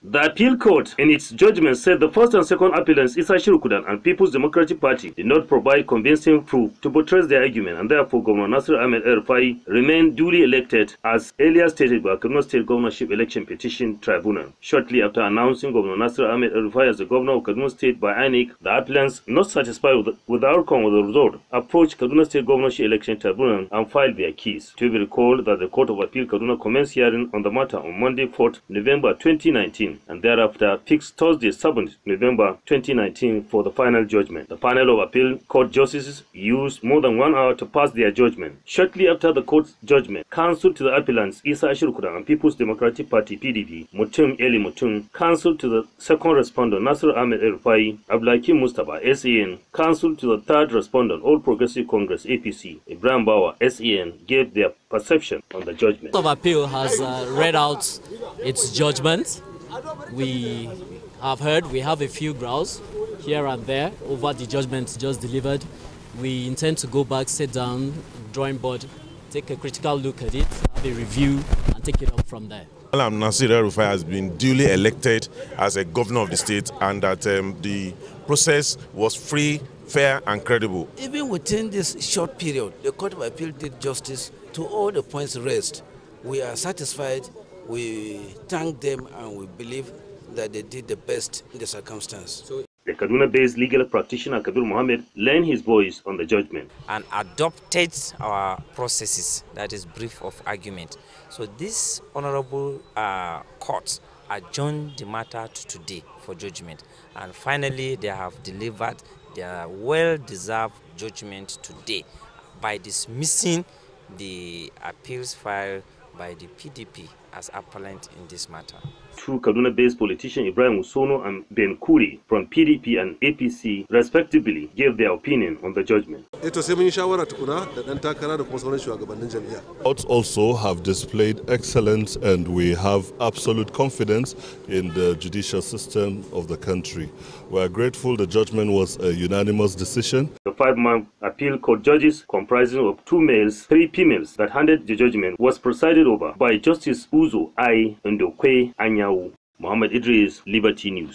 The appeal court, in its judgment, said the first and second appellants, Issa Shirukudan and People's Democratic Party, did not provide convincing proof to buttress their argument, and therefore Governor Nasir Ahmed Erfai remained duly elected, as earlier stated by Kaduna State Governorship Election Petition Tribunal. Shortly after announcing Governor Nasir Ahmed Erfai as the governor of Kaduna State by INEC, the appellants, not satisfied with the, with the outcome of the result, approached Kaduna State Governorship Election Tribunal and filed their case. To be recalled that the Court of Appeal Kaduna commenced hearing on the matter on Monday, 4th November 2019. 2019 and thereafter fixed Thursday, 7th November 2019 for the final judgment. The panel of appeal court justices used more than one hour to pass their judgment. Shortly after the court's judgment, counsel to the appellants Isa Ashurkuda and People's Democratic Party PDP, Mutum Eli Mutum, counsel to the second respondent Nasir Ahmed Fai Abdulhakim Mustafa SEN, counsel to the third respondent All Progressive Congress APC, Ibrahim Bawa SEN gave their perception on the judgment. The Court of Appeal has uh, read out its judgment we have heard we have a few growls here and there over the judgment just delivered. We intend to go back, sit down, drawing board, take a critical look at it, have a review, and take it up from there. Alam Nasir Rufai has been duly elected as a governor of the state and that um, the process was free, fair and credible. Even within this short period, the Court of Appeal did justice to all the points raised. We are satisfied we thank them and we believe that they did the best in the circumstance. So the Kaduna-based legal practitioner Kadir Mohammed lent his voice on the judgment and adopted our processes, that is brief of argument. So this honorable uh, court adjourned the matter to today for judgment and finally they have delivered their well-deserved judgment today by dismissing the appeals filed by the PDP as appellant in this matter. Two Kaduna-based politicians, Ibrahim Usono and Ben Kuri from PDP and APC respectively gave their opinion on the judgment. Courts also have displayed excellence and we have absolute confidence in the judicial system of the country. We are grateful the judgment was a unanimous decision. The 5 month appeal court judges comprising of two males, three females that handed the judgment was presided over by Justice Uzo Ai Ndokwe Anyawu, Muhammad Idris, Liberty News.